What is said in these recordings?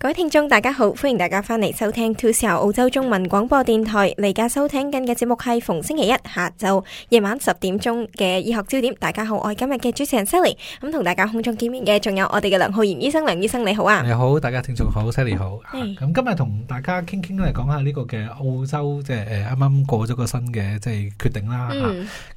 各位聽眾大家好，歡迎大家翻嚟收聽 Two Show 澳洲中文廣播電台。嚟家收聽今日嘅節目係逢星期一下晝夜晚十點鐘嘅醫學焦點。大家好，我係今日嘅主持人 Sally、嗯。咁同大家空中見面嘅仲有我哋嘅梁浩然醫生，梁醫生你好啊！你好，大家聽眾好，Sally 好。咁 Hey.、啊、今日同大家傾傾嚟講下呢個嘅澳洲即係誒啱啱過咗個新嘅即係決定啦，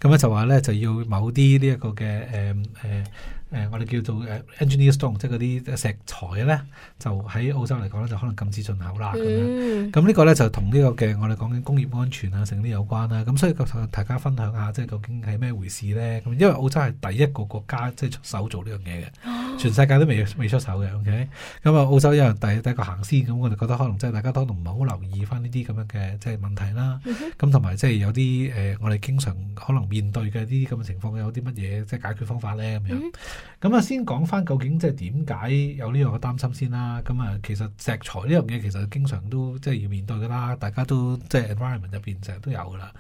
咁咧就話咧就要某啲呢一個嘅誒誒。誒、呃，我哋叫做誒 Engineer Stone，即係嗰啲石材咧，就喺澳洲嚟講咧，就可能禁止進口啦。咁樣，咁、mm. 嗯這個、呢個咧就同呢個嘅我哋講緊工業安全啊，成啲有關啦。咁、嗯、所以，大家分享下，即係究竟係咩回事咧？咁、嗯、因為澳洲係第一個國家即係出手做呢樣嘢嘅，全世界都未未出手嘅。OK，咁、嗯、啊，澳洲有人第第一個行先，咁、嗯、我哋覺得可能即係大家都唔係好留意返呢啲咁樣嘅即係問題啦。咁同埋即係有啲誒、呃，我哋經常可能面對嘅啲咁嘅情況，有啲乜嘢即係解決方法咧？咁樣。Mm hmm. 咁啊，先講翻究竟即係點解有呢樣嘅擔心先啦。咁啊，其實石材呢樣嘢其實經常都即係、就是、要面對噶啦，大家都即係、就是、environment 入邊成日都有噶啦。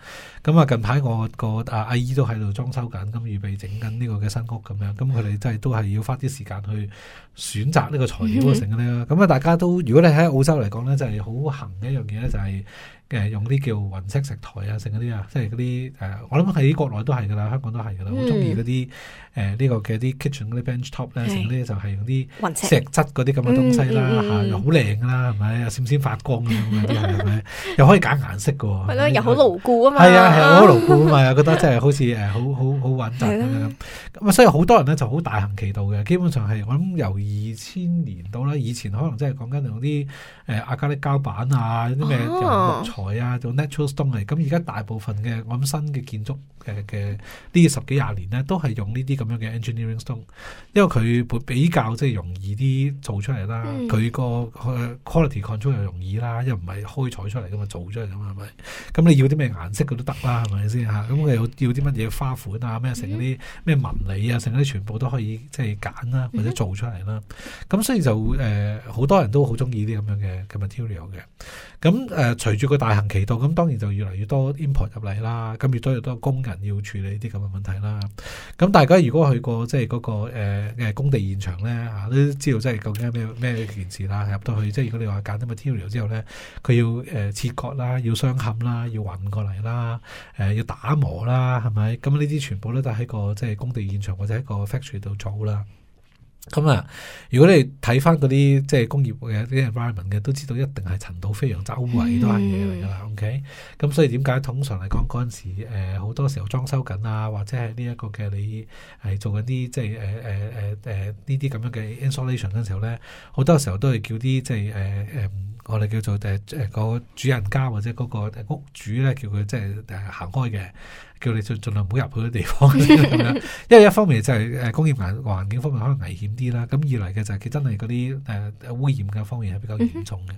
咁啊，近排我個阿阿姨都喺度裝修緊，咁預備整緊呢個嘅新屋咁樣。咁佢哋真係都係要花啲時間去選擇呢個材料成嘅咧。咁啊， 大家都如果你喺澳洲嚟講咧，就係、是、好行嘅一樣嘢咧，就係。用啲叫雲石石台啊，剩嗰啲啊，即係嗰啲誒，我諗喺國內都係㗎啦，香港都係㗎啦，好中意嗰啲誒呢個嘅啲 kitchen 嗰啲 bench top 啦，成啲是就係用啲石質嗰啲咁嘅東西啦，嗯嗯啊、又好靚㗎啦，係咪啊，閃閃發光咁樣，係咪 吧又可以揀顏色㗎喎？係咯、 啊，又好牢固啊嘛。係啊，係好牢固啊嘛，覺得即係好似誒好好好，好穩陣咁了。咁啊，所以好多人咧就好大行其道嘅，基本上係我諗由二千年到啦，以前可能即係講緊用啲誒阿加力膠板啊，啲、啊、咩、啊啊啊啊啊啊啊台啊，做 natural stone 嚟，咁而家大部分嘅我諗新嘅建築嘅嘅呢十幾廿年咧，都係用呢啲咁樣嘅 engineering stone，因為佢會比較即係容易啲做出嚟啦，佢個、嗯、quality control 又容易啦，因為唔係開採出嚟嘅嘛，做出嚟嘅嘛係咪？咁你要啲咩顏色佢都得啦，係咪先吓，咁佢又要啲乜嘢花款啊？咩成啲咩紋理啊？成啲全部都可以即係揀啦，或者做出嚟啦。咁、嗯、所以就誒好、呃、多人都好中意啲咁樣嘅嘅 material 嘅。咁誒、呃、隨住個大行其道，咁當然就越嚟越多 import 入嚟啦，咁越多越多工人要處理啲咁嘅問題啦。咁大家如果去過即係嗰個誒誒、呃、工地現場咧、啊，都知道即係究竟咩咩件事啦。入到去即係如果你話揀啲 material 之後咧，佢要誒、呃、切割啦，要鑲嵌啦，要運過嚟啦，誒、呃、要打磨啦，係咪？咁呢啲全部咧都喺個即係、就是、工地現場或者喺個 factory 度做啦。咁啊！如果你睇翻嗰啲即係工業嘅啲 environment 嘅，都知道一定係塵土飛揚、周圍、嗯、都係嘢嚟噶啦。OK，咁所以點解通常嚟講嗰陣時，呃、好多時候裝修緊啊，或者係呢、呃、一個嘅你係做緊啲即係誒誒誒誒呢啲咁樣嘅 insulation 嘅時候咧，好多時候都係叫啲即係誒誒。呃呃我哋叫做誒誒、呃那個主人家或者個個屋主咧，叫佢即係誒行開嘅，叫你盡盡量唔好入去啲地方咁樣。 因為一方面就係誒工業環環境方面可能危險啲啦，咁二嚟嘅就係佢真係嗰啲誒污染嘅方面係比較嚴重嘅。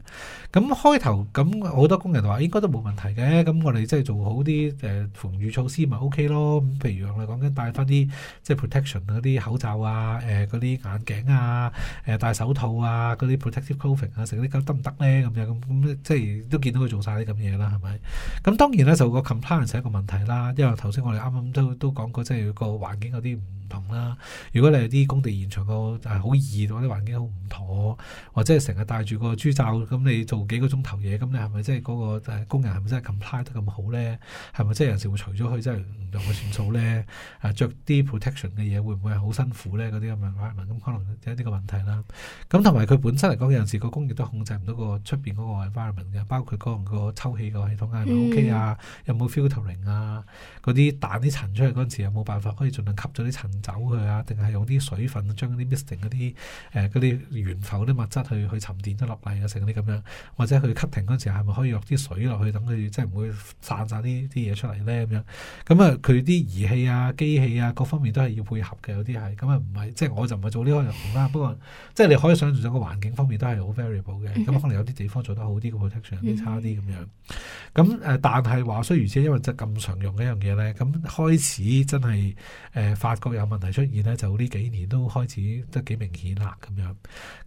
咁、嗯、哼開頭咁好多工人話應該都冇問題嘅，咁我哋即係做好啲誒、呃、防禦措施咪 OK 咯。咁譬如我哋講緊戴翻啲即係 protection 啲口罩啊、誒、呃、啲眼鏡啊、誒、呃、戴手套啊、啲 protective clothing 啊，食啲咁得唔得咧？咁樣咁咁即係都見到佢做晒啲咁嘢啦，係咪？咁當然咧，就個 compliance 係一個問題啦。因為頭先我哋啱啱都都講過，即係個環境有啲唔同啦。如果你係啲工地現場個誒好熱，或、啊、者環境好唔妥，或者係成日帶住個豬罩，咁你做幾個鐘頭嘢，咁你係咪即係嗰個工人係咪真係 compliance 得咁好咧？係咪即係有時會除咗佢，真係唔同嘅算數咧？誒、啊，著啲 protection 嘅嘢會唔會係好辛苦咧？嗰啲咁嘅咁可能有一呢個問題啦。咁同埋佢本身嚟講，有陣時個工業都控制唔到、個。出面嗰個 environment 嘅，包括嗰個抽氣個系統係咪 OK 啊？有冇 filtering 啊？嗰啲彈啲塵出嚟嗰陣時，有冇辦法可以盡量吸咗啲塵走佢啊？定係用啲水分將啲 misting 嗰啲誒嗰啲懸浮啲物質去去沉澱得落嚟啊？成啲咁樣，或者佢 cutting 嗰陣時係咪可以落啲水落去，等佢即係唔會散晒啲啲嘢出嚟咧咁樣？咁、嗯、啊，佢啲儀器啊、機器啊，各方面都係要配合嘅，有啲係咁啊，唔係即係我就唔係做呢個業務啦。不過即係你可以想象到個環境方面都係好 variable 嘅，咁可能有啲。地方做得好啲嘅 protection、mm hmm. 差啲咁樣，咁誒、呃，但係話雖如此，因為就咁常用一樣嘢咧，咁開始真係誒發覺有問題出現咧，就呢幾年都開始都幾明顯啦咁樣。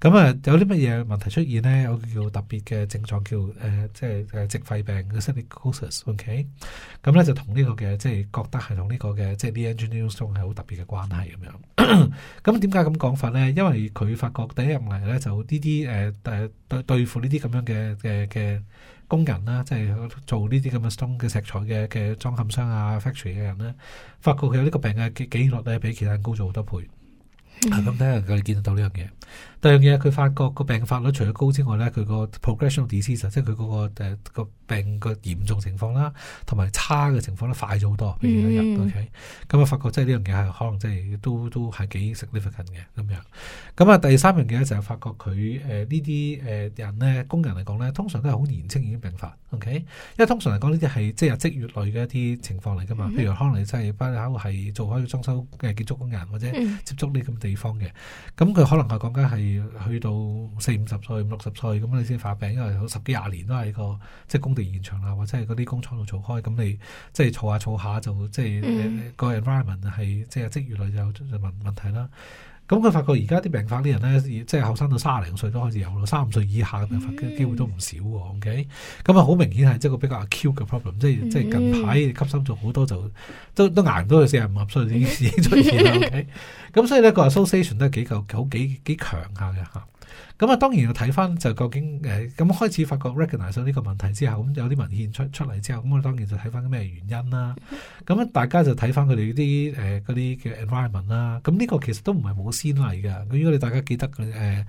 咁啊、呃，有啲乜嘢問題出現咧？有個叫特別嘅症狀叫誒、呃，即係誒，矽肺病 silicosis o、okay? k 咁咧就同呢個嘅即係覺得係同呢個嘅即係 the engineering 係好特別嘅關係咁樣。咁點解咁講法咧？因為佢發覺第一入嚟咧，就呢啲誒誒對對付呢啲咁樣嘅嘅嘅工人啦，即係做呢啲咁嘅 stone 嘅石材嘅嘅裝嵌商啊 factory 嘅人咧，發覺佢有呢個病嘅幾率咧，比其他人高咗好多倍。咁睇人佢見得到呢樣嘢，第二樣嘢佢發覺個病發率除咗高之外咧，佢 pro、呃、個 progressional disease 即係佢嗰個誒病個嚴重情況啦，同埋差嘅情況咧快咗好多。嗯。OK. 咁啊發覺即係、呃、呢樣嘢係可能即係都都係幾 significant 嘅咁樣。咁啊第三樣嘢就係發覺佢誒呢啲誒人咧工人嚟講咧，通常都係好年青已經病發。O、okay? K. 因為通常嚟講呢啲係即係日積月累嘅一啲情況嚟㗎嘛，嗯、譬如可能你真係包括係做開裝修嘅建築工人或者，或者接觸呢咁。手手地方嘅，咁佢可能係講緊係去到四五十歲、五六十歲咁，你先發病，因為有十幾廿年都係個即係工地現場啦，或者係嗰啲工廠度做開，咁你即係坐下坐下就即係你你個人 environment 係即係積淤類就有問問題啦。咁佢發覺而家啲病發啲人咧，即係後生到卅零歲都開始有咯，三十五歲以下嘅病發嘅機會都唔少喎。OK，咁啊好明顯係即係個比較 acute 嘅 problem，即係即係近排吸收咗好多就都都捱唔到去四十五合歲已經出現啦。OK，咁 所以咧佢、那個、association 都係幾夠好幾幾強下嘅嚇。咁啊，當然要睇翻就究竟誒咁、呃、開始發覺 recognise 咗呢個問題之後，咁有啲文獻出出嚟之後，咁我當然就睇翻咩原因啦。咁樣大家就睇翻佢哋啲誒嗰、呃、啲嘅 environment 啦。咁呢個其實都唔係冇先例㗎。咁如果你大家記得嘅、呃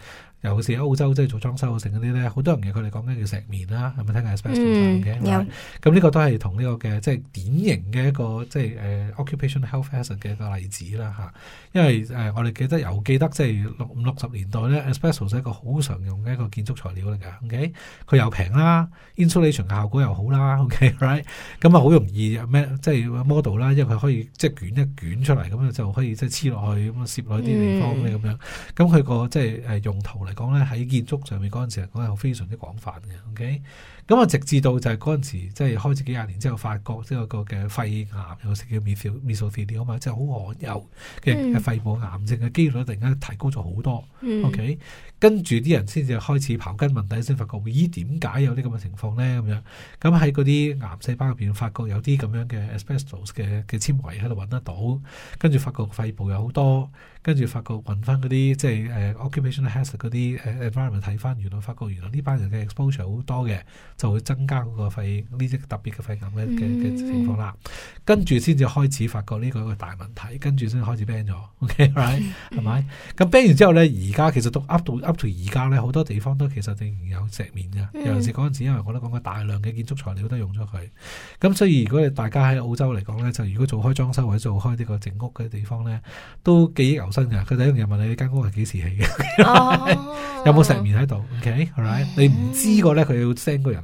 尤其喺澳洲即係做裝修成嗰啲咧，好多人嘅佢哋講緊叫石棉啦，係咪聽過？asbestos，咁呢個都係同呢個嘅即係典型嘅一個即係誒、uh, occupational health hazard 嘅一個例子啦嚇。因為誒、呃、我哋記得又記得即係五六十年代咧，asbestos 係一個好常用嘅一個建築材料嚟㗎。OK，佢又平啦，insulation 效果又好啦。OK，right，、okay? 咁、嗯、啊好容易咩？即係 model 啦，因為佢可以即係捲一捲出嚟咁樣就可以即係黐落去咁啊，攝落啲地方咧咁樣。咁佢個即係誒用途嚟。講咧喺建築上面嗰陣時，講係非常之廣泛嘅，OK。咁啊，直至到就係嗰陣時，即係開始幾廿年之後，發覺即係個嘅肺癌有個叫 mesothelioma mesothelioma 啊嘛，即係好罕有嘅肺部癌症嘅機率突然間提高咗好多。嗯、OK，跟住啲人先至開始刨根問底，先發覺咦，點解有啲咁嘅情況咧？咁樣咁喺嗰啲癌細胞入邊發覺有啲咁樣嘅 asbestos 嘅嘅纖維喺度揾得到，跟住發覺肺部有好多，跟住發覺揾翻嗰啲即係誒 occupational hazard 嗰啲誒 environment 睇翻，原來發覺原來呢班人嘅 exposure 好多嘅。就會增加嗰個肺呢啲特別嘅肺癌嘅嘅情況啦，跟住先至開始發覺呢個一個大問題，跟住先開始 ban 咗，OK，係、right? 咪、right? 嗯？咁 ban 完之後咧，而家其實 up to up to 而家咧，好多地方都其實仍然有石棉噶，尤其是嗰陣時，因為我都講過大量嘅建築材料都用咗佢。咁所以如果大家喺澳洲嚟講咧，就如果做開裝修或者做開呢個整屋嘅地方咧，都記憶猶新噶。佢第一樣嘢問你，你間屋係幾時起嘅，right? 啊、 有冇石棉喺度？OK，係咪？你唔知個咧，佢要 send 個人。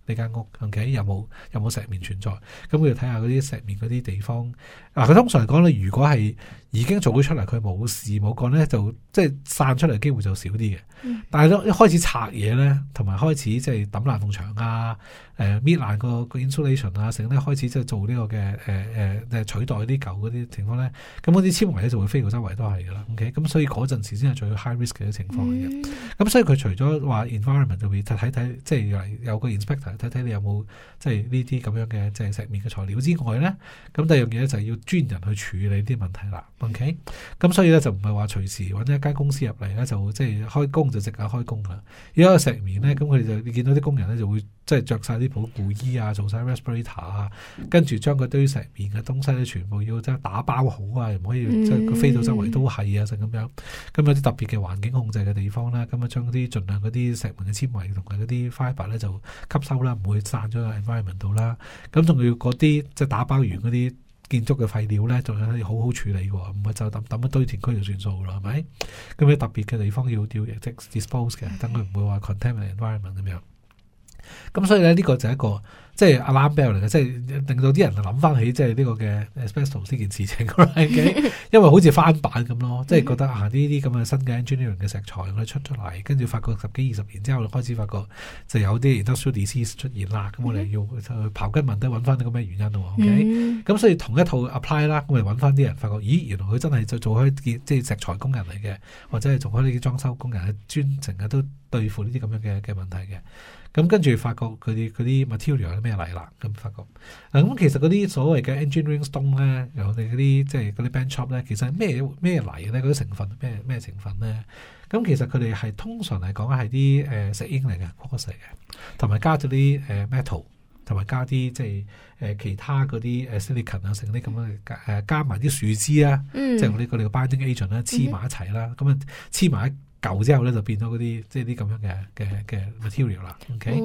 呢間屋，O K？有冇有冇石棉存在？咁、嗯、佢要睇下嗰啲石棉嗰啲地方。嗱、啊，佢通常嚟講咧，如果係已經做咗出嚟，佢冇事冇講咧，就即係、就是、散出嚟機會就少啲嘅。但係一開始拆嘢咧，同埋開始即係抌爛埲牆啊，誒搣爛個 insulation 啊，成日咧開始即係做呢、這個嘅誒誒取代啲舊嗰啲情況咧，咁嗰啲纖維咧就會飛到周圍都係噶啦。O K.，咁所以嗰陣時先係最 high risk 嘅情況嚟嘅。咁所以佢除咗話 environment 就會睇睇，即係有個 inspector。睇睇你有冇即係呢啲咁樣嘅即係石棉嘅材料之外咧，咁第二樣嘢咧就係要專人去處理啲問題啦。OK，咁所以咧就唔係話隨時揾一間公司入嚟，咧就即係、就是、開工就即刻開工噶啦。如果有石棉咧，咁佢哋就你見到啲工人咧就會。即係着晒啲保護衣啊，做晒 respirator 啊，跟住將個堆石棉嘅東西咧，全部要即係打包好啊，唔可以、mm hmm. 即係佢飛到周圍都係啊，就咁樣。咁有啲特別嘅環境控制嘅地方啦，咁啊將啲盡量嗰啲石棉嘅纖維同埋嗰啲 fibre 咧，就吸收啦，唔會散咗喺 environment 度啦。咁仲要嗰啲即係打包完嗰啲建築嘅廢料咧，仲要好好處理㗎，唔係就抌抌一堆填區就算數㗎啦，係咪？咁有特別嘅地方要要即係 dispose 嘅，等佢唔會話 contaminate environment 咁樣。咁所以咧，呢、這個就係一個。即係 alarm bell 嚟嘅，即係令到啲人諗翻起即係呢個嘅 asbestos 呢件事情，哈哈，因為好似翻版咁咯，即係覺得啊呢啲咁嘅新嘅 engineering 嘅石材佢出出嚟，跟住發覺十幾二十年之後，開始發覺就有啲 industrial disease 出現啦，咁我哋要刨根問底揾翻啲咁嘅原因咯。OK，咁 所以同一套 apply 啦，我哋揾翻啲人，發覺咦，原來佢真係就做開即係石材工人嚟嘅，或者係做開啲裝修工人，專程都對付呢啲咁樣嘅嘅問題嘅。咁跟住發覺佢哋佢啲 material 泥啦咁發覺，嗱咁、嗯嗯、其實嗰啲所謂嘅 engineering stone 咧，有啲嗰啲即係嗰啲 bench top 咧，其實咩咩嚟嘅咧？嗰啲成分咩咩成分咧？咁其實佢哋係通常嚟講係啲誒石英嚟嘅 quartz 嘅，同埋加咗啲誒 metal，同埋加啲即係誒其他嗰啲誒 silicon 啊，成啲咁樣誒加埋啲樹枝啊，即係我、嗯、哋嗰啲 binding agent 啦，黐埋、嗯、一齊啦，咁啊黐埋一舊之後咧就變到嗰啲即係啲咁樣嘅嘅嘅 material 啦，OK，咁、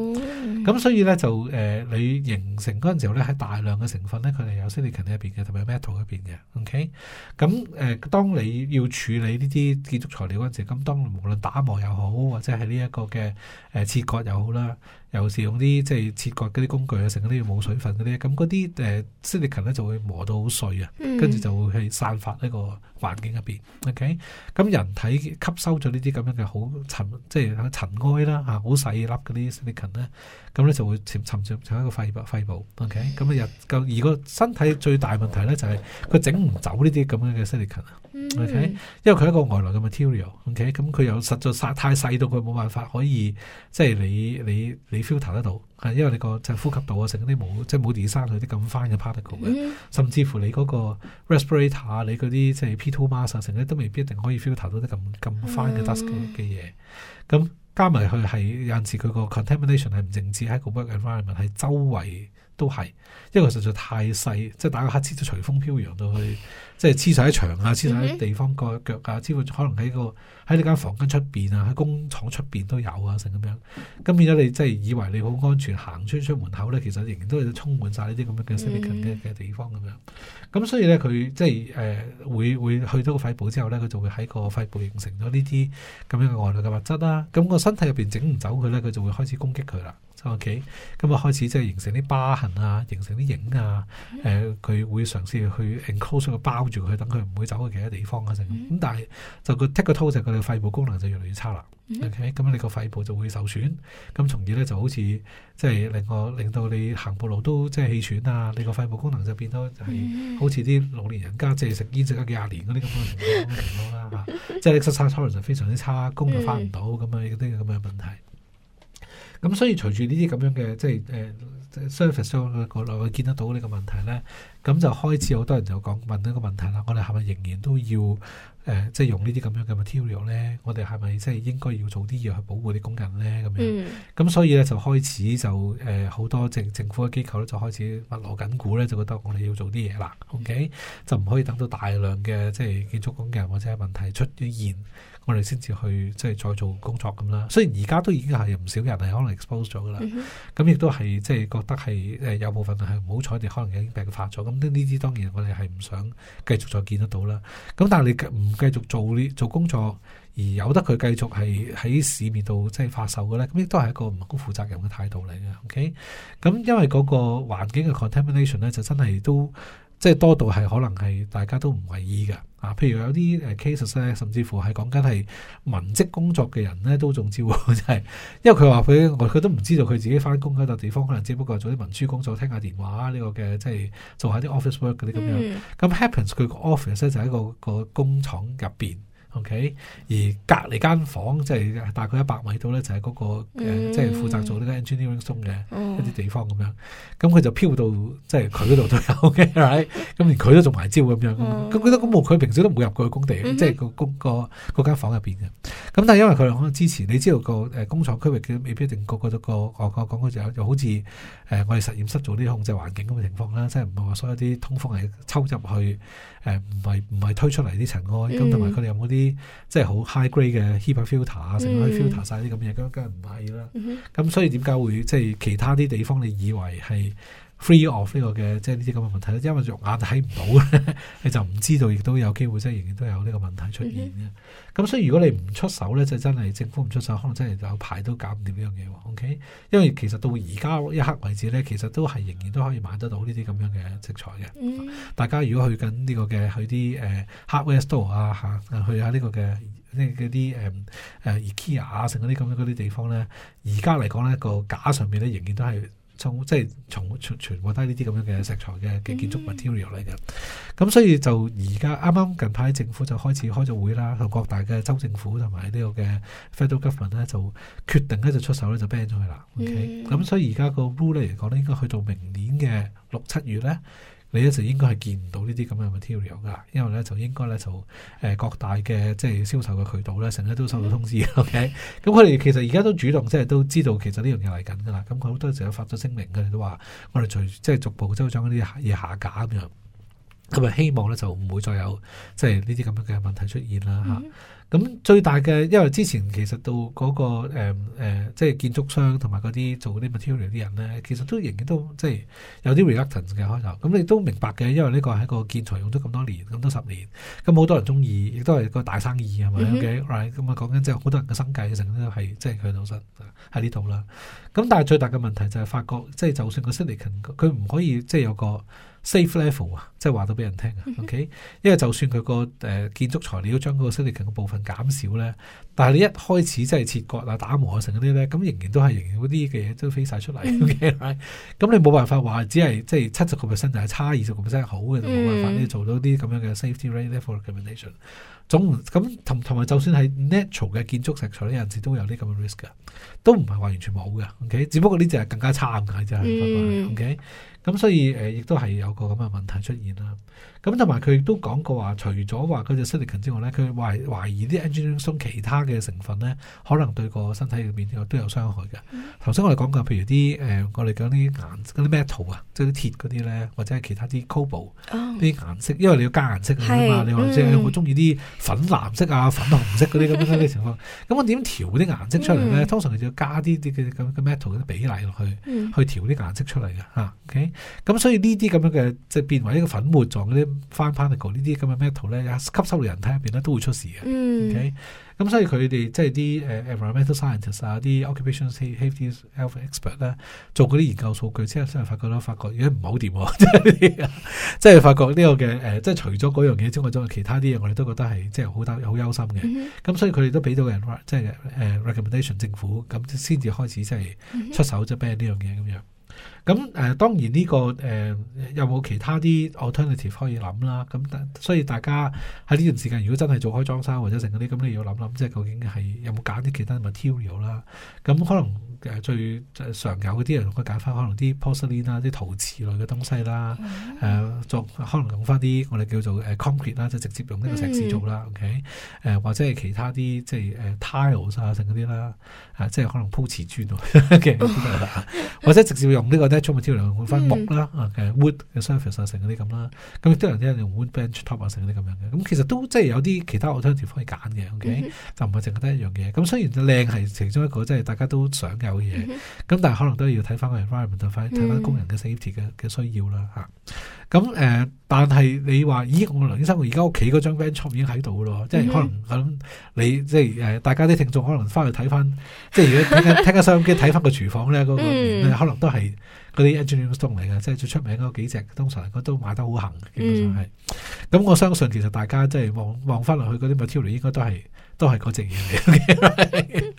嗯嗯、所以咧就誒、呃、你形成嗰陣時候咧係大量嘅成分咧，佢哋有 silicon 喺入邊嘅，同埋 metal 入邊嘅，OK，咁、嗯、誒、嗯、當你要處理呢啲建築材料嗰陣時，咁當無論打磨又好，或者係呢一個嘅誒切割又好啦，尤其用是用啲即係切割嗰啲工具啊，成日都要冇水分嗰啲，咁嗰啲誒 silicon 咧就會磨到好碎啊，跟住、嗯、就會係散發呢個環境入邊，OK，咁人體吸收咗呢啲。啲咁樣嘅好塵，即係塵埃啦嚇，好細粒嗰啲 silicon 咧，咁咧就會沉沉著一個肺部肺部，OK，咁啊又個而個身體最大問題咧就係佢整唔走呢啲咁樣嘅 silicon 啊。O.K.，因為佢係一個外來嘅 material，O.K.，咁佢又實在細太細到佢冇辦法可以，即係你你你 filter 得到，係因為你個即係呼吸道啊，成嗰啲冇即係冇 design 佢啲咁 fine 嘅 particle 嘅，嗯、甚至乎你嗰個 respirator 你嗰啲即係 P2 mask 啊，成咧都未必一定可以 filter 到啲咁咁 fine 嘅 dust 嘅嘢，咁。嗯加埋佢係有陣時佢個 contamination 係唔淨止喺個 work environment，係周圍都係，因為實在太細，即係打個乞嗤都隨風飄揚到去，即係黐晒喺牆啊，黐晒喺地方個腳啊，之可能喺個喺呢間房間出邊啊，喺工廠出邊都有啊，成咁樣。咁變咗你即係以為你好安全行穿出門口咧，其實仍然都係充滿晒呢啲咁嘅 silicon 嘅地方咁樣。咁所以咧佢即係誒、呃、會會去到個肺部之後咧，佢就會喺個肺部形成咗呢啲咁樣嘅外來嘅物質啦、啊。咁、那個身體入邊整唔走佢咧，佢就會開始攻擊佢啦。O.K. 咁、嗯、啊，開始即係形成啲疤痕啊，形成啲影啊。誒、呃，佢會嘗試去 enclose、er、佢，包住佢，等佢唔會走去其他地方嘅成。咁、呃、但係就個 take 個 toll 就佢嘅肺部功能就越嚟越差啦。O.K. 咁、嗯嗯嗯嗯、你個肺部就會受損。咁從而咧就好似即係令我令到你行步路都即係氣喘啊！你個肺部功能就變咗就係好似啲老年人家即係食煙食咗幾廿年嗰啲咁嘅情況啦、啊、嚇。即係 exercise tolerance 就非常之差，功又翻唔到咁啊啲咁嘅問題。咁所以隨住、呃、呢啲咁樣嘅即係誒 service 商嘅國內見得到呢個問題咧，咁就開始好多人就講問呢個問題啦。我哋係咪仍然都要誒、呃、即係用這這呢啲咁樣嘅 material 咧？我哋係咪即係應該要做啲嘢去保護啲工人咧？咁樣咁、嗯、所以咧就開始就誒好、呃、多政政府嘅機構咧就開始密鑼緊鼓咧，就覺得我哋要做啲嘢啦。嗯、OK，就唔可以等到大量嘅即係建築工人或者問題出現。我哋先至去即係再做工作咁啦，雖然而家都已經係唔少人係可能 expose 咗噶啦，咁亦都係即係覺得係誒有部分係唔好彩，哋可能已經病、mm hmm。發咗。咁呢啲當然我哋係唔想繼續再見得到啦。咁但係你唔繼續做呢做工作，而由得佢繼續係喺市面度即係發售嘅咧，咁亦都係一個唔好負責任嘅態度嚟嘅。OK，咁因為嗰個環境嘅 contamination 咧，就真係都。即係多到係可能係大家都唔為意嘅。啊，譬如有啲誒、啊、cases 咧，甚至乎係講緊係文職工作嘅人咧，都仲招嘅， 因為佢話佢佢都唔知道佢自己翻工喺度地方，可能只不過做啲文書工作、聽下電話呢、呢個嘅，即係做下啲 office work 嗰啲咁樣。咁 happens 佢個 office 咧就喺個個工廠入邊。O.K.，而隔離間房即係、就是、大概一百米度咧，就係、是、嗰、那個、嗯、即係負責做呢個 engineering 嘅一啲地方咁、嗯、樣。咁佢就飄到即係佢嗰度都有嘅，咁、 嗯、連佢都做埋招咁樣。咁佢都咁冇，佢平時都唔會入過去工地，嗯、即係、那個工個間房入邊嘅。咁但係因為佢可能支持，你知道個誒工廠區域佢未必一定過、那個個個我我講嗰就好似誒我哋實驗室做啲控制環境嘅情況啦，即係唔係話所有啲通風係抽入去誒，唔係唔係推出嚟啲塵埃。咁同埋佢哋有冇啲？即係好 high grade 嘅 HEPA filter 啊，成日可 filter 晒啲咁嘢，咁梗係唔係啦？咁、mm hmm. 所以點解會即係其他啲地方，你以為係 free of 呢個嘅即係呢啲咁嘅問題啦，因為肉眼睇唔到咧， 你就唔知道亦都有機會，即係仍然都有呢個問題出現嘅。咁、嗯、哼所以如果你唔出手咧，就真係政府唔出手，可能真係有排都搞唔掂呢樣嘢喎。OK，因為其實到而家一刻為止咧，其實都係仍然都可以買得到呢啲咁樣嘅食材嘅。嗯、大家如果去緊呢個嘅去啲誒 hardware store 啊嚇、啊，去下呢個嘅呢嗰啲誒誒 IKEA 啊，成嗰啲咁樣嗰啲地方咧，而家嚟講咧個架上面咧仍然都係。從即係從全全部都係呢啲咁樣嘅石材嘅嘅建築 material 嚟嘅，咁、嗯、所以就而家啱啱近排政府就開始開咗會啦，同各大嘅州政府同埋呢個嘅 federal government 咧就決定咧就出手咧就 ban 咗佢啦。OK，咁、嗯、所以而家個 rule 咧嚟講咧應該去到明年嘅六七月咧。你一時應該係見唔到呢啲咁嘅 material 噶，因為咧就應該咧就誒各大嘅即係銷售嘅渠道咧，成日都收到通知。Mm hmm. OK，咁佢哋其實而家都主動即係都知道，其實呢樣嘢嚟緊噶啦。咁佢好多時候發咗聲明，佢哋都話我哋隨即係逐步將嗰啲嘢下架咁樣，咁啊希望咧就唔會再有即係呢啲咁樣嘅問題出現啦嚇。Mm hmm. 咁最大嘅，因為之前其實到嗰、那個誒、呃呃、即係建築商同埋嗰啲做啲 material 啲人咧，其實都仍然都即係有啲 reluctance 嘅開頭。咁、嗯、你都明白嘅，因為呢個係一個建材用咗咁多年，咁多十年，咁好多人中意，亦都係個大生意係咪？OK，right，咁啊講緊即係好多人嘅生計嘅成呢，係即係佢老實喺呢度啦。咁但係最大嘅問題就係發覺，即係就算個 silicon 佢唔可以即係有個。Safe level 啊，即係話到俾人聽啊，OK？因為就算佢個誒建築材料將嗰個 silicon 嘅部分減少咧。但係你一開始真係切割啊、打磨啊、成嗰啲咧，咁仍然都係仍然嗰啲嘅嘢都飛晒出嚟。O K，咁、mm hmm. 你冇辦法話只係即係七十個 percent 就係差，二十個 percent 好嘅，就冇、是 mm hmm. 辦法你做到啲咁樣嘅 safety rate level recommendation 總。總咁同同埋，就算係 natural 嘅建築石材，有陣時都有啲咁嘅 risk，都唔係話完全冇嘅。O、okay? K，只不過呢隻係更加差嘅啫。O K，咁所以誒，亦、呃、都係有個咁嘅問題出現啦。咁，同埋佢亦都講過話，除咗話嗰隻 silicon 之外咧，佢懷懷疑啲 engineering stone 其他嘅成分咧，可能對個身體入邊都有傷害嘅。頭先、嗯、我哋講過，譬如啲誒、呃，我哋講啲顏色、啲 metal 啊，即係啲鐵嗰啲咧，或者係其他啲 cobalt 啲顏色，因為你要加顏色㗎嘛。是你話即係我中意啲粉藍色啊、 粉紅色嗰啲咁樣嘅情況，咁我點調啲顏色出嚟咧？嗯、通常就要加啲啲嘅咁嘅 metal 嘅比例落去，去調啲顏色出嚟嘅嚇。咁、啊 okay? 所以呢啲咁樣嘅即係變為一個粉末狀啲。翻 particle 呢啲咁嘅 metal 咧，吸收喺人體入邊咧都會出事嘅。咁、嗯 okay? 所以佢哋即係啲誒 environmental scientists 啊，啲 occupations health expert 咧做嗰啲研究數據，之後先發覺咧，發覺而家唔好掂，即係發覺呢個嘅誒，即係除咗嗰樣嘢之外，仲有其他啲嘢，我哋都覺得係即係好擔好憂心嘅。咁、嗯、哼所以佢哋都俾到個人，即係誒 recommendation 政府咁先至開始即係出手，即係 ban 呢樣嘢咁樣。咁誒當然呢、呢個誒、呃、有冇其他啲 alternative 可以諗啦，咁所以大家喺呢段時間如果真係做開裝修或者剩嗰啲，咁你要諗諗即係究竟係有冇揀啲其他嘅 material 啦，咁可能。誒最常有嗰啲人會揀翻，可能啲 porcelain 啦，啲陶瓷類嘅東西啦，誒 Yeah.、啊、做可能用翻啲我哋叫做誒、啊、concrete 啦，就直接用呢個石子做啦、mm.，OK？誒、啊、或者係其他啲即係誒、uh, tiles 啊，成嗰啲啦，即係可能鋪瓷磚、啊 okay? oh. 或者直接用呢個 natural material 換翻木啦 OK？wood 嘅 surface 啊，成嗰啲咁啦，咁都有啲人用 wood bench top 啊，成嗰啲咁樣嘅、啊，咁、嗯、其實都即係有啲其他好多地方可以揀嘅，OK？、Mm hmm. 就唔係淨係得一樣嘢。咁雖然靚係其中一個，即係大家都想嘅。嘅嘢，咁、嗯、但係可能都係要睇翻個 environment，睇翻睇翻工人嘅 safety 嘅嘅需要啦嚇。咁誒、嗯嗯，但係你話，咦？我梁醫生，我而家屋企嗰張 benchtop 已經喺度咯，即係可能咁、嗯、你即係誒，大家啲聽眾可能翻去睇翻，即係如果聽聽緊收音機睇翻個廚房咧，嗰個可能都係嗰啲 engineering stone 嚟嘅，即係最出名嗰幾隻，通常嗰都賣得好行，基本上係。咁、嗯嗯、我相信其實大家即係望望翻落去嗰啲 material 應該都係。都係嗰隻嘢嚟嘅，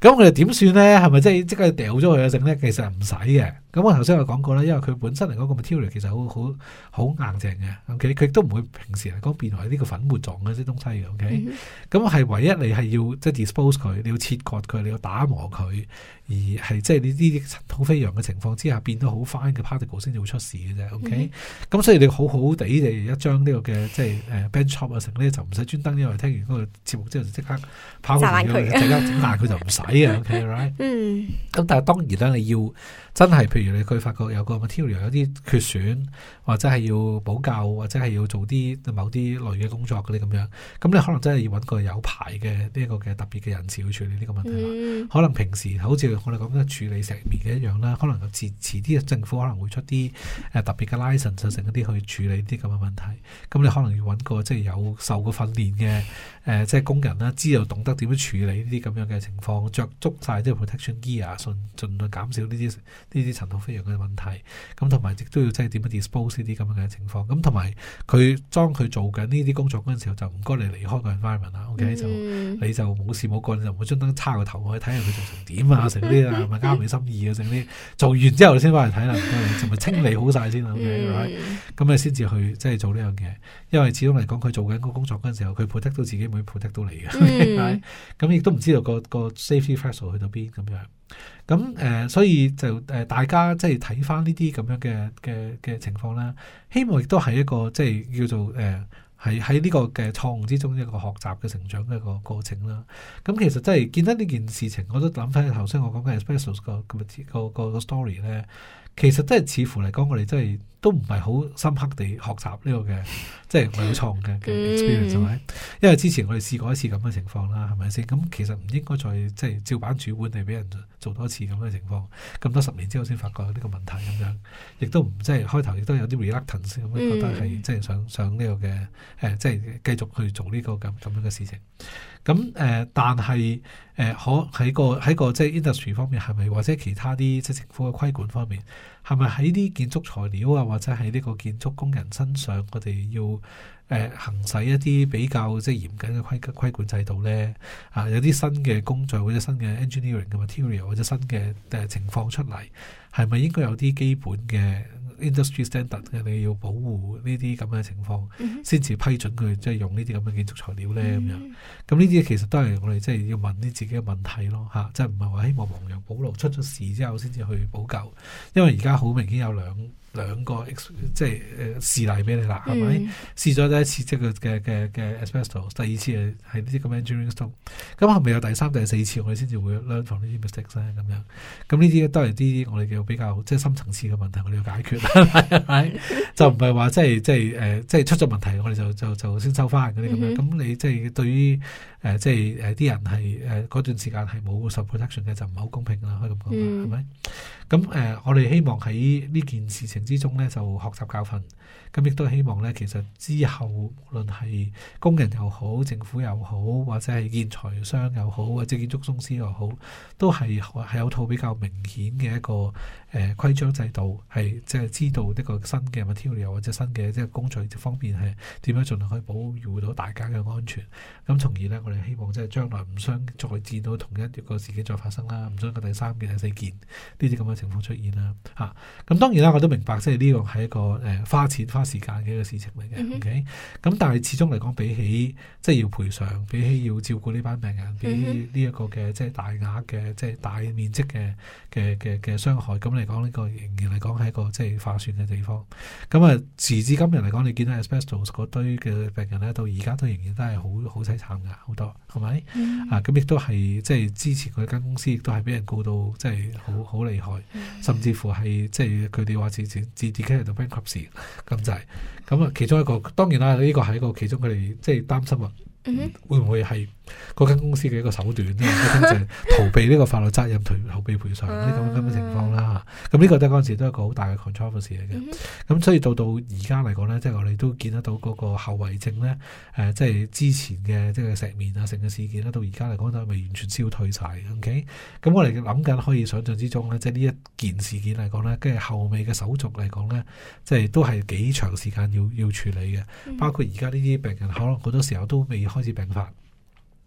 咁我哋點算咧？係咪即係即刻掉咗佢嘅剩咧？其實唔使嘅。咁我頭先有講過啦，因為佢本身嚟講個 material 其實好好好硬淨嘅，OK，佢亦都唔會平時嚟講變為呢個粉末狀嘅啲東西嘅，OK。咁係唯一你係要即係 dispose 佢，你要切割佢，你要打磨佢，而係即係呢啲塵土飛揚嘅情況之下變得好 fine 嘅 particle 先至會出事嘅啫，OK。咁所以你好好地嘅一張呢個嘅即係誒 bench top 啊，成咧就唔使專登因為聽完嗰個節目之後就即刻拋爛佢，即刻整爛佢就唔使啊。OK, right 嗯。咁但係當然啦，你要真係。譬如你佢發覺有個 material 有啲缺損，或者係要補救，或者係要做啲某啲類嘅工作嗰啲咁樣，咁你可能真係要揾個有牌嘅呢個嘅特別嘅人士去處理呢個問題啦。嗯、可能平時好似我哋講緊處理石棉嘅一樣啦，可能遲遲啲政府可能會出啲誒特別嘅 license 剩一啲去處理啲咁嘅問題，咁你可能要揾個即係、就是、有受過訓練嘅。誒、呃、即係工人啦、啊，知道懂得點樣處理呢啲咁樣嘅情況，着足曬啲 protection gear，盡量減少呢啲呢啲塵土飛揚嘅問題。咁同埋亦都要即係點樣 dispose 呢啲咁樣嘅情況。咁同埋佢當佢做緊呢啲工作嗰陣時候，就唔該你離開個 environment 啦。OK，就你就冇事冇干，就唔會專登叉個頭去睇下佢做成點啊，成啲啊，係咪啱你心意啊？成啲做完之後先翻嚟睇啦，同、就、埋、是、清理好晒先啦。o 咁啊先至去即係做呢樣嘢，因為始終嚟講佢做緊嗰個工作嗰陣時候，佢 protect 到自己。普及到嚟嘅，咁亦都唔知道個個 safety factor 去到邊咁樣，咁誒、呃，所以就誒，大家即係睇翻呢啲咁樣嘅嘅嘅情況啦，希望亦都係一個即係叫做誒，係喺呢個嘅錯誤之中一個學習嘅成長嘅一個過程啦。咁、嗯、其實真係見得呢件事情，我都諗翻頭先我講嘅 experts 個個個，個 story 咧。其實真係似乎嚟講，我哋真係都唔係好深刻地學習呢個嘅， 即係我創嘅嘅 experience，係咪、嗯？因為之前我哋試過一次咁嘅情況啦，係咪先？咁其實唔應該再即係照板煮碗地俾人。好多次咁嘅情況，咁多十年之後先發覺呢個問題咁樣，亦都唔即係開頭亦都有啲 reluctance 咁樣覺得係即係想想呢個嘅誒，即係繼續去做呢、這個咁咁樣嘅事情。咁誒、呃，但係誒可喺個喺個即係、就是、industry 方面係咪或者其他啲即係政府嘅規管方面係咪喺啲建築材料啊或者喺呢個建築工人身上，我哋要？誒、呃，行使一啲比較即係嚴謹嘅規規管制度咧，啊，有啲新嘅工作或者新嘅 engineering 嘅 material 或者新嘅誒、呃、情況出嚟，係咪應該有啲基本嘅 industry standard 嘅你要保護呢啲咁嘅情況，先至、mm hmm. 批准佢即係用呢啲咁嘅建築材料咧咁樣？咁呢啲其實都係我哋即係要問啲自己嘅問題咯，嚇、啊！即係唔係話希望亡羊補牢，出咗事之後先至去補救？因為而家好明顯有兩。兩個即係誒示例俾你啦，係咪、嗯？試咗第一次即係嘅嘅嘅 asbestos，第二次係呢啲咁嘅 engineering stuff 咁係咪有第三、第四次，我哋先至會 learn from 呢啲 mistakes 咧咁樣。咁呢啲都係啲我哋叫比較即係深層次嘅問題，我哋要解決，係、嗯、咪？ 就唔係話即係即係誒，即係出咗問題，我哋就就就先收翻嗰啲咁樣。咁、嗯、你即係、就是、對於誒、呃、即係誒啲人係誒嗰段時間係冇受 protection 嘅，就唔係好公平啦，可以咁講係咪？咁誒、嗯，我哋希望喺呢件事情嗯嗯嗯之中咧，就學習教訓。咁亦都希望咧，其實之後無論係工人又好，政府又好，或者係建材商又好，或者建築公司又好，都係係有套比較明顯嘅一個誒規、呃、章制度，係即係知道呢個新嘅物 a 或者新嘅即係工序方面係點樣盡量可以保護到大家嘅安全。咁從而呢，我哋希望即係將來唔想再見到同一個事件再發生啦，唔想個第三件第四件呢啲咁嘅情況出現啦。嚇、啊！咁當然啦，我都明白即係呢個係一個誒、呃、花錢。花時間嘅一個事情嚟嘅、嗯、哼，OK，咁但係始終嚟講，比起即係要賠償，比起要照顧呢班病人，比起呢一個嘅即係大額嘅即係大面積嘅嘅嘅嘅傷害，咁嚟講呢個仍然嚟講係一個即係化算嘅地方。咁啊，時至今日嚟講，你見到 e x p e s s o s 嗰堆嘅病人咧，到而家都仍然都係好好凄慘噶，好多係咪？嗯、哼啊，咁亦都係即係之前嗰間公司亦都係俾人告到即係好好厲害，甚至乎係即係佢哋話自自自自己喺度 bankrupt 咁。 咁啊，其中一個當然啦，呢個係一個其中佢哋即係擔心啊，會唔會係。嗰間公司嘅一個手段咧，即係 逃避呢個法律責任，逃逃避賠償呢啲咁嘅情況啦。咁呢 個都嗰陣時都係一個好大嘅 controversy 嚟嘅。咁、嗯、哼所以到到而家嚟講咧，即、就、係、是、我哋都見得到嗰個後遺症咧。誒、呃，即、就、係、是、之前嘅即係石棉啊，成個事件咧，到而家嚟講都未完全消退晒。OK，咁我哋諗緊可以想象之中咧，即係呢一件事件嚟講咧，跟、就、住、是、後尾嘅手續嚟講咧，即、就、係、是、都係幾長時間要要處理嘅，包括而家呢啲病人可能好多時候都未開始病發。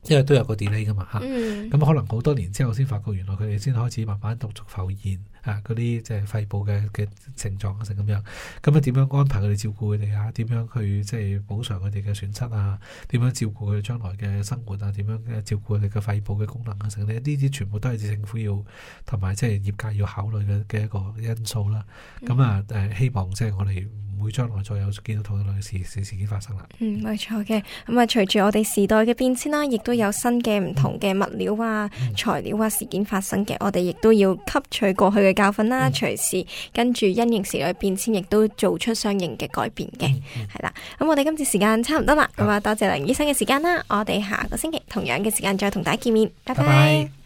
因為都有個 delay 㗎嘛，嚇、嗯，咁、嗯嗯、可能好多年之後先發覺，原來佢哋先開始慢慢陸續浮現。啊，嗰啲即係肺部嘅嘅症狀啊，成咁樣，咁啊點樣安排佢哋照顧佢哋啊？點樣去即係補償佢哋嘅損失啊？點樣照顧佢哋將來嘅生活啊？點樣嘅照顧佢哋嘅肺部嘅功能啊？成呢啲全部都係政府要同埋即係業界要考慮嘅嘅一個因素啦。咁啊、嗯、啊希望即係我哋唔會將來再有見到同樣類事事，事件發生啦。嗯，冇錯嘅。咁啊，隨住我哋時代嘅變遷啦，亦都有新嘅唔同嘅物料啊、嗯、材料啊事件發生嘅，嗯嗯、我哋亦都要吸取過去嘅。教訓啦，隨、嗯、時跟住因應時代變遷，亦都做出相應嘅改變嘅，係啦、嗯嗯。咁我哋今次時間差唔多啦，咁啊多謝梁醫生嘅時間啦，我哋下個星期同樣嘅時間再同大家見面，拜拜。Bye bye。